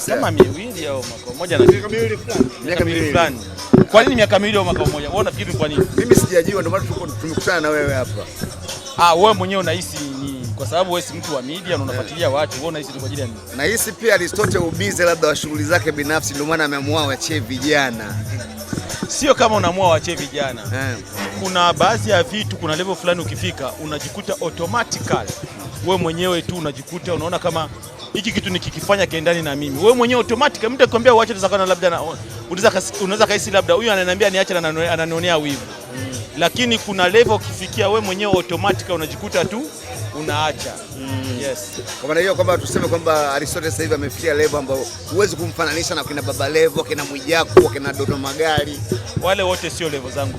Sema miwili au mwaka mmoja na miaka miwili fulani. Miaka miwili fulani. Kwa nini miaka miwili au mwaka mmoja? Wewe unafikiri kwa nini? Mimi sijajua ndio maana tumekutana na wewe hapa. Ah, wewe mwenyewe unahisi ni kwa sababu wewe si mtu wa media na unafuatilia watu, wewe unahisi ni kwa ajili ya nini? Nahisi pia alistote ubize labda wa shughuli zake binafsi ndio maana ameamua wachie vijana. Sio kama unaamua wachie vijana. Eh. Kuna baadhi ya vitu, kuna level fulani ukifika unajikuta automatically wewe mwenyewe tu unajikuta unaona kama hiki kitu nikikifanya kiendani na mimi, wewe mwenyewe automatic, mtu akikwambia uache, unaweza kahisi labda huyu ananiambia niache, ananionea wivu mm. Lakini kuna level ukifikia wewe mwenyewe automatic unajikuta tu unaacha mm. Yes. Kwa maana hiyo kwamba tuseme kwamba Aristotle sasa hivi amefikia level ambayo huwezi kumfananisha na kina Baba Levo, kina Mwijaku, kina Dodo Magari, wale wote sio level zangu.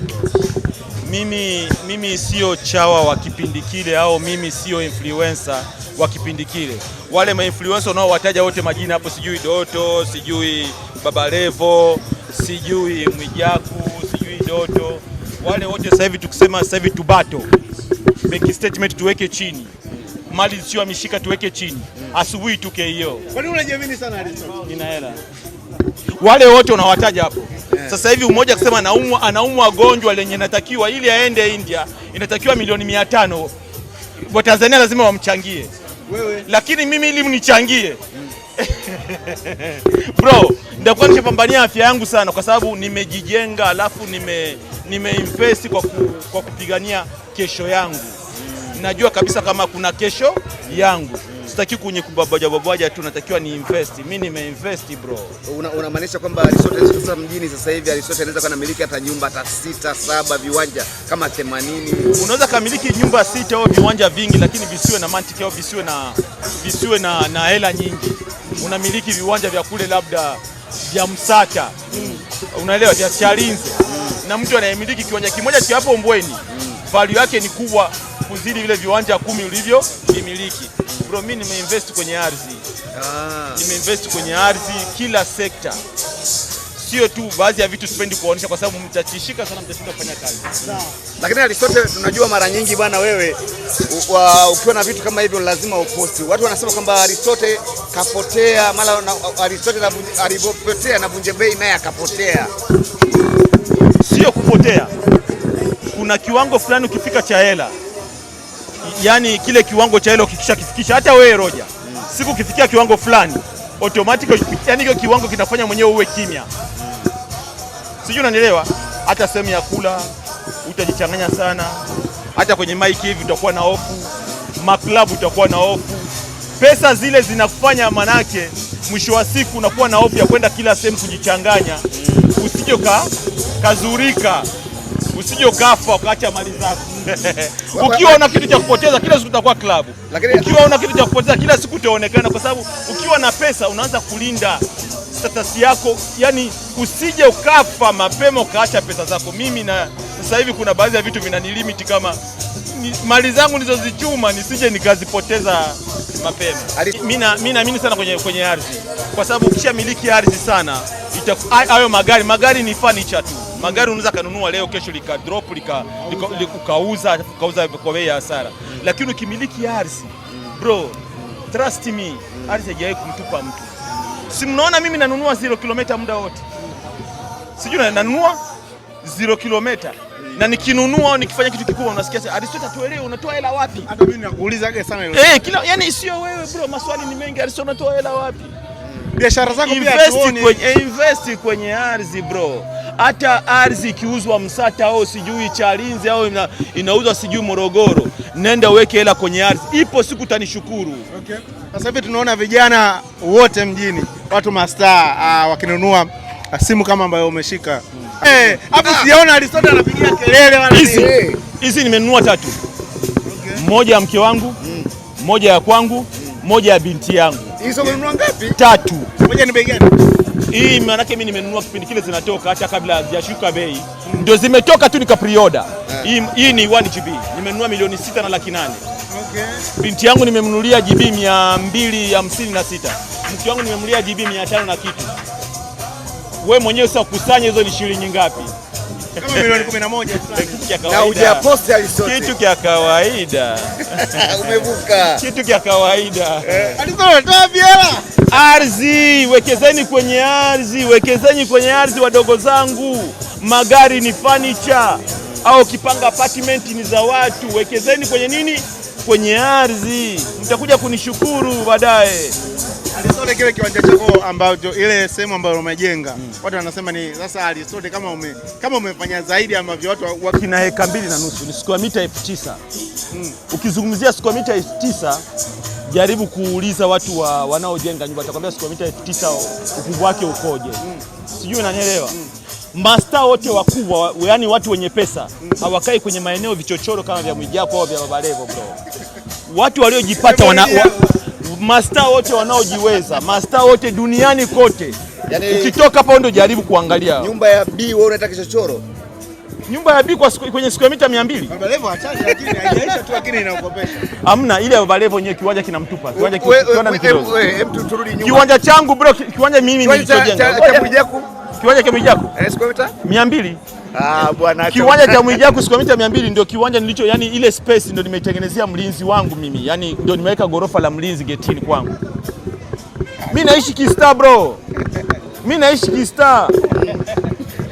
Mimi mimi sio chawa wa kipindi kile, au mimi sio influencer wa kipindi kile. Wale mainfluencer unaowataja wote majina hapo, sijui Doto, sijui Baba Levo, sijui Mwijaku, sijui Doto, wale wote sasa hivi tukisema sasa hivi tubato bank statement tuweke chini, mali sio amishika tuweke chini, asubuhi tuke hiyo. Kwa nini unajiamini sana Alisson? Nina hela. Wale wote unawataja hapo eh. sasa hivi mmoja akisema anaumwa anaumwa gonjwa lenye natakiwa ili aende India inatakiwa milioni mia tano. Watanzania lazima wamchangie wewe, lakini mimi ili mnichangie bro, nitakuwa nishapambania afya yangu sana, kwa sababu nimejijenga, alafu nime nimeinvest kwa, ku, kwa kupigania kesho yangu. Najua kabisa kama kuna kesho yangu. Sitaki kwenye kubabaja babaja tu, natakiwa ni invest. Mimi nime invest bro. Unamaanisha una kwamba Alisote sasa mjini sasa hivi Alisote anaweza kuwa namiliki hata nyumba hata sita saba viwanja kama 80. Unaweza kamiliki nyumba sita au viwanja vingi, lakini visiwe na mantiki au visiwe na visiwe na na hela nyingi. Unamiliki viwanja vya kule labda vya Msata mm. Unaelewa vya Chalinze mm. Na mtu anayemiliki kiwanja kimoja cha hapo Mbweni mm. Value yake ni kubwa kuzidi vile viwanja kumi ulivyo vimiliki bro, mimi nimeinvest kwenye ardhi ah. Nimeinvest kwenye ardhi kila sekta, sio tu baadhi ya vitu sipendi kuonesha kwa sababu mtachishika sana, mtashindwa kufanya kazi mm. Lakini alisote tunajua mara nyingi bwana, wewe ukiwa na vitu kama hivyo lazima uposti. Watu wanasema kwamba Aristote kapotea, mara Aristote alivyopotea na Vunje Bei naye akapotea. Sio kupotea, kuna kiwango fulani ukifika cha hela yani kile kiwango cha hilo kikisha kifikisha, hata wewe Roja, mm. siku kifikia kiwango fulani automatic, yani hiyo kiwango kinafanya mwenyewe uwe kimya, mm. sijui unanielewa. Hata sehemu ya kula utajichanganya sana, hata kwenye mic hivi utakuwa na hofu, maklabu utakuwa na hofu, pesa zile zinakufanya manake, mwisho wa siku unakuwa na hofu ya kwenda kila sehemu kujichanganya, mm. usije kazurika, usije kafa ukaacha mali zako. ukiwa una kitu cha kupoteza kila siku utakuwa klabu, ukiwa una kitu cha kupoteza kila siku utaonekana, kwa sababu ukiwa na pesa unaanza kulinda status yako, yani usije ukafa mapema ukaacha pesa zako. Mimi na sasa hivi kuna baadhi ya vitu vinanilimiti kama ni, mali zangu nilizozichuma nisije nikazipoteza mapema. Mimi naamini sana kwenye, kwenye ardhi, kwa sababu ukishamiliki ardhi sana hayo magari magari ni furniture tu Magari unaweza kanunua leo, kesho lika drop lika ukauza ukauza kwa bei ya hasara, lakini ukimiliki ardhi bro, trust me, ardhi haijawahi kumtupa mtu. Si mnaona mimi nanunua zero kilomita muda wote, sijui nanunua zero kilomita na nikinunua nikifanya kitu kikubwa unasikia sasa Aristo tatuelewe, unatoa hela wapi? Hata mimi nakuulizaga sana hilo. Eh, kila yani sio wewe bro, maswali ni mengi. Aristo unatoa hela wapi? Biashara zako pia tuone. Invest kwenye ardhi bro hata ardhi ikiuzwa Msata au sijui Chalinze au inauzwa sijui Morogoro, nenda uweke hela kwenye ardhi, ipo siku utanishukuru. Okay. Sasa hivi tunaona vijana wote mjini, watu mastaa uh, wakinunua ah, simu kama ambayo umeshika hmm. eh, hapo. Ah. siona Aristotle anapigia kelele wala hizi eh. hizi, nimenunua tatu, okay. Moja ya mke wangu, mm. moja ya kwangu, mm. moja ya binti yangu Hizo umenunua ngapi? Tatu. Moja ni bei gani? Hii maana yake mimi nimenunua kipindi kile zinatoka hata kabla hazijashuka bei. Ndio zimetoka tu nika pre-order. Eh. Hii hii ni 1 GB. Nimenunua milioni sita na laki nane. Okay. Binti yangu nimemnunulia GB 256. Mke wangu nimemnunulia GB 500 na kitu. Wewe mwenyewe sasa kusanya hizo ni shilingi ngapi? na kitu cha kawaida umevuka, kitu cha kawaida eh, ardhi. Wekezeni kwenye ardhi, wekezeni kwenye ardhi, wadogo zangu. Magari ni furniture au kipanga apartment ni za watu. Wekezeni kwenye nini? Kwenye ardhi, mtakuja kunishukuru baadaye. Alisole kile kiwanja chako ambacho ile sehemu ambayo umejenga mm. Watu wanasema ni sasa Alisole kama ume, kama umefanya zaidi ambavyo watu wa... kina heka mbili na nusu ni square mita elfu tisa mm. Ukizungumzia square mita elfu tisa jaribu kuuliza watu wa, wanaojenga nyumba atakwambia square mita elfu tisa ukubwa wake ukoje? mm. Sijui unanielewa mm. Masta wote wakubwa, yaani watu wenye pesa mm. hawakai kwenye maeneo vichochoro kama vya Mwijaku au vya Babalevo bro. Watu waliojipata wana masta wote wanaojiweza, masta wote duniani kote, yani ukitoka hapo ndio jaribu kuangalia nyumba ya B. Wewe unataka kichochoro nyumba ya B kwa siku, kwenye siku ya mita 200. Baba Levo achaje, lakini haijaisha tu, lakini inaogopesha. Amna ile Baba Levo yenyewe, kiwanja kinamtupa. Kiwanja kiona nyuma, Kiwanja changu bro, kiwanja mimi nilichojenga. Kiwanja cha Mwijaku. Kiwanja eh, cha Mwijaku. Siku ya mita 200. Ah, bwana kiwanja cha Mwijaku siku mita 200 ndio kiwanja nilicho, yani ile space ndio nimeitengenezea mlinzi wangu mimi, yani ndio nimeweka gorofa la mlinzi getini kwangu. Mimi naishi kista bro, mimi naishi kista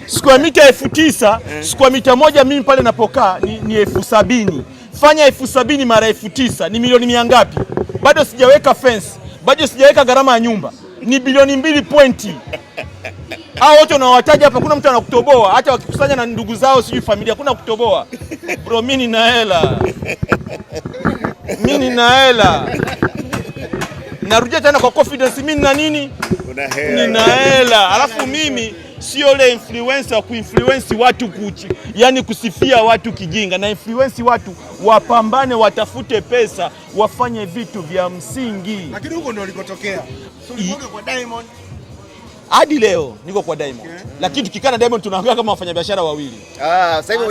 siku mita elfu tisa siku mita moja mimi pale napokaa ni, ni elfu sabini fanya elfu sabini mara elfu tisa ni milioni mia ngapi? Bado sijaweka fence, bado sijaweka gharama ya nyumba, ni bilioni mbili pointi hao wote unawataja hapa, kuna mtu anakutoboa. Hata wakikusanya na ndugu zao, sijui familia, kuna kutoboa. Bro, mi nina hela, mi nina hela. Narudia tena kwa confidence, mi nina nini? Nina hela. Alafu mimi sio ile influencer wa kuinfluence watu kuchi, yani kusifia watu kijinga, na influence watu wapambane, watafute pesa, wafanye vitu vya msingi. Lakini huko ndio ulikotokea. So, kwa Diamond hadi leo niko kwa Diamond okay. Lakini tukikaa na Diamond tunaongea kama wafanyabiashara wawili. Ah, sasa hivi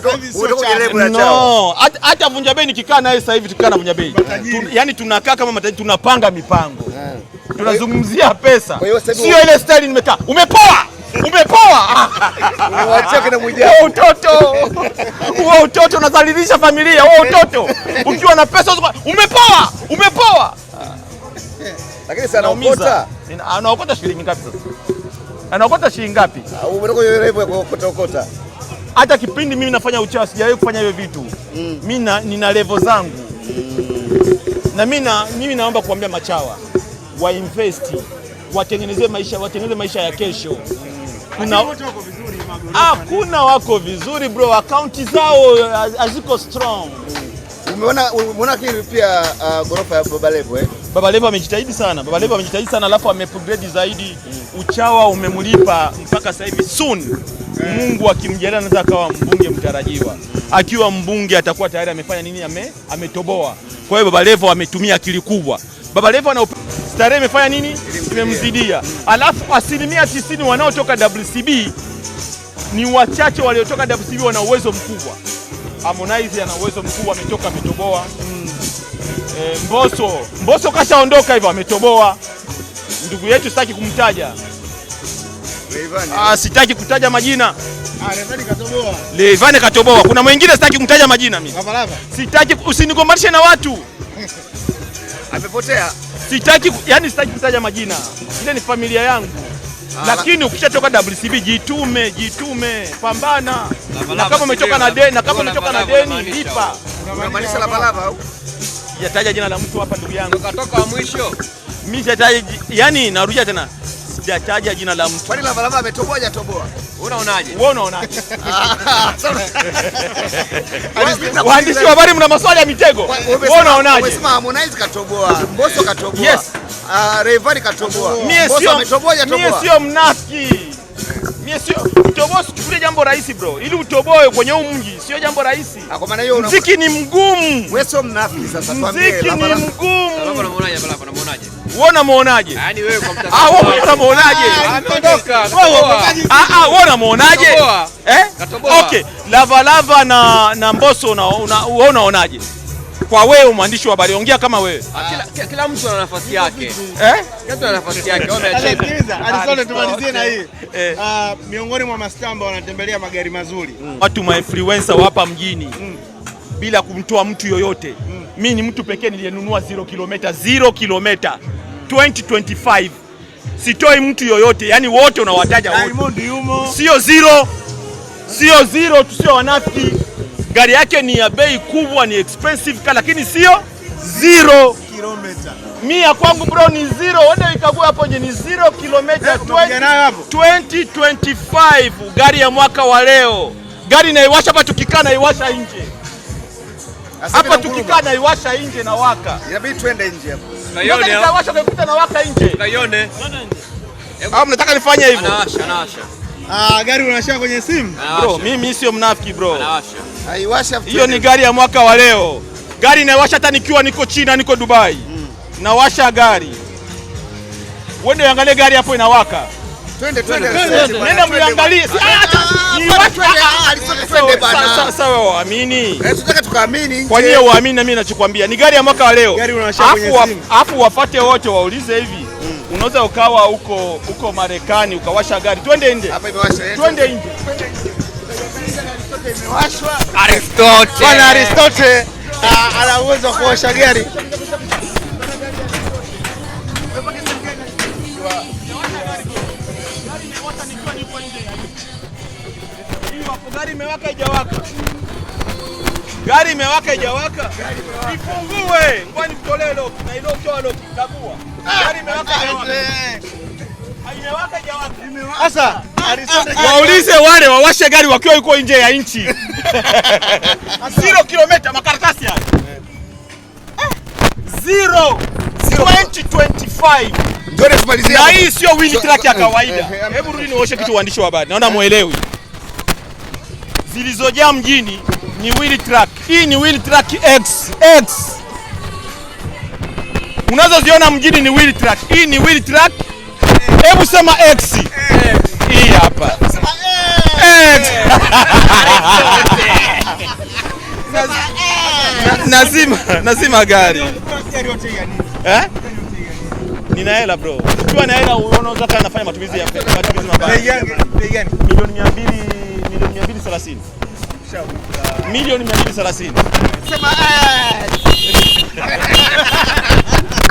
no, hata Vunja Bei nikikaa naye sasa hivi tukikaa na Vunja Bei tu, yani tunakaa kama matajiri, tunapanga mipango yeah. Tunazungumzia pesa, sio ile style nimekaa. Umepoa, umepoa utoto uwe utoto unazalilisha familia uwe utoto ukiwa na pesa umepoa, umepoa. Lakini sasa anaokota shilingi ngapi sasa? anaokota shilingi ngapi? Ah, Kota hata kipindi mimi nafanya uchawi sijawahi kufanya hivyo vitu mm. Mimi nina levo zangu mm. Na mimi naomba kuambia machawa wa invest watengeneze maisha, watengeneze maisha ya kesho. Mm. Hakuna wako vizuri bro, akaunti zao eh, haziko strong mm. Umeona kile pia uh, gorofa ya Baba Levo eh? Baba Levo amejitahidi sana. Baba Levo amejitahidi sana alafu ameprogredi zaidi mm. Uchawa umemlipa mpaka sasa hivi soon Mungu akimjalia anaweza akawa mbunge mtarajiwa. Akiwa mbunge atakuwa tayari amefanya nini? Ame, ametoboa. Kwa hiyo Baba Levo ametumia akili kubwa. Baba Levo ana starehe imefanya nini? Imemzidia. Alafu asilimia tisini wanaotoka WCB ni wachache waliotoka WCB wana uwezo mkubwa. Harmonize ana uwezo mkubwa, ametoka ametoboa. mm. E, eh, Mboso Mboso kashaondoka hivyo, ametoboa. Ndugu yetu sitaki kumtaja, ah, sitaki kutaja majina. Ah, Levane katoboa, kuna mwingine sitaki kumtaja majina mimi. Sitaki, usinigombanishe na watu amepotea. Sitaki, yani sitaki kutaja majina, ile ni familia yangu. Ah, lakini ukishatoka WCB jitume, jitume, pambana na kama umetoka na deni, na kama umetoka na deni lipa. Unamaanisha la balaba au? Yataja jina la mtu hapa ndugu yangu. toka mwisho. Mimi sijataja, yani narudia tena sijataja jina la mtu. Kwani Lavalava ametoboa hajatoboa? Unaonaje? Wewe unaonaje? Waandishi wa habari mna maswali ya mitego. Wewe unaonaje? Umesema Harmonize katoboa, Mbosso katoboa. Yes. Ah, Rayvanny katoboa. ametoboa Mimi sio mnafiki. Mie sio toboa, sichukulie jambo rahisi bro, ili utoboe kwenye huu mji sio jambo rahisi. Ah, kwa maana hiyo muziki ni mgumu. Wewe sio mnafiki sasa, tuambie ni mgumu. Unamuonaje Unamuonaje? Wewe unamuonaje? Ah, yaani wewe kwa mtazamo. Ah, wewe unamuonaje? Ameondoka. Ah, ah ah, wewe unamuonaje? Eh? Okay, Lava Lava na na Mbosso unaonaje? kwa wewe mwandishi wa habari, ongea kama wewe. Ah, kila, kila mtu ana nafasi yake eh? Kila mtu ana nafasi yake tumalizie na hii eh. Uh, miongoni mwa mastaa ambao wanatembelea magari mazuri mm. watu mainfluencer wa hapa mjini mm. bila kumtoa mtu yoyote mm. mi ni mtu pekee niliyenunua 0 kilomita 0 kilomita 2025 sitoi mtu yoyote, yani wote unawataja wote, sio zero, sio zero, tusio wanafiki gari yake ni ya bei kubwa, ni expensive car, lakini sio zero kilomita. Mimi ya kwangu bro ni zero, wende ikague hapo nje, ni zero kilomita eh, 2025 gari ya mwaka wa leo, gari naiwasha hapa, tukikaa naiwasha nje hapa, tukikaa naiwasha nje na waka, inabidi twende nje hapo, naiwasha na waka nje, naione au ah, mnataka nifanye hivyo? Anawasha, anawasha. Ah, gari unawasha kwenye simu? Bro, mimi sio mnafiki bro. Anawasha. Hiyo ni gari ya mwaka wa leo, gari inawasha hata nikiwa niko China, niko Dubai mm. nawasha gari. Wende angalie gari hapo inawaka. Twende twende. Nenda mliangalie. Sawa waamini. Eh, tukaamini Kwa nini waamini na mimi nachokwambia? Ni gari ya mwaka wa leo. Afu wafate wote waulize hivi. Hmm. Unaweza ukawa huko huko Marekani ukawasha gari. Twende nje. Eh, twende nje yote imewashwa. Aristote. Bwana Aristote ana uwezo wa kuosha gari. Gari imewaka ijawaka. Gari imewaka ijawaka. Ifungue. Ngoja nitolee lock na ile utoa lock. Gari imewaka ijawaka. Sasa waulize wale wawashe gari wakiwa yuko nje ya nchi. Zero kilomita makaratasi ya eh. Zero 2025. Na hii sio win track ya eh, kawaida. Eh, Hebu rudi nioshe kitu waandishi wa habari. Naona muelewi. Zilizojaa mjini ni wheel track. Hii ni wheel track X X. Unazoziona mjini ni wheel track. Hii ni wheel track Hebu sema X. Hii hapa. X. Nazima, nazima gari. Eh? Nina hela bro. Ukiwa na hela unaweza kana nafanya matumizi ya matumizi mabaya. Bei gani? Milioni 200, milioni 230. Milioni 230. Sema eh.